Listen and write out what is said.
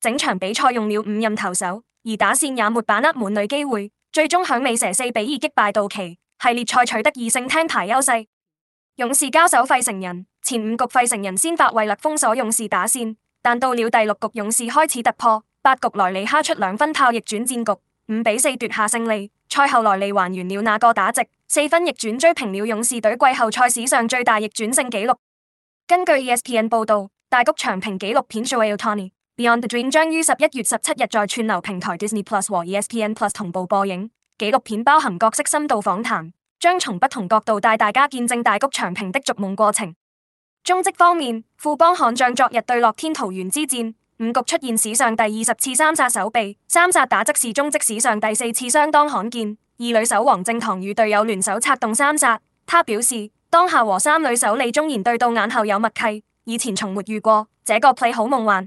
整場比賽用了五任投手，而打線也沒把握滿壘機會，最終響尾蛇四比二擊敗道奇，系列賽取得二勝聽牌優勢。勇士交手費城人，前五局費城人先發衛勒封鎖勇士打線，但到了第六局，勇士開始突破，八局萊尼敲出兩分炮，逆轉戰局，五比四奪下勝利。賽後萊尼還原了那個打直四分逆轉，追平了勇士隊季後賽史上最大逆轉勝紀錄。根據 ESPN 報道，大谷翔平紀錄片 Shohei Ohtani。Beyond the Dream 將於十一月十七日在串流平台 Disney Plus 和 ESPN Plus 同步播映，紀錄片包含各式深度訪談，將從不同角度帶大家見證大谷翔平的逐夢過程。中職方面，富邦悍將昨日對樂天桃園之戰五局出現史上第二十次三殺守備。三殺打則是中職史上第四次，相當罕見。二壘手王正堂與隊友聯手策動三殺，他表示當下和三壘手李宗賢對到眼後有默契，以前從沒遇過，這個 play 好夢幻。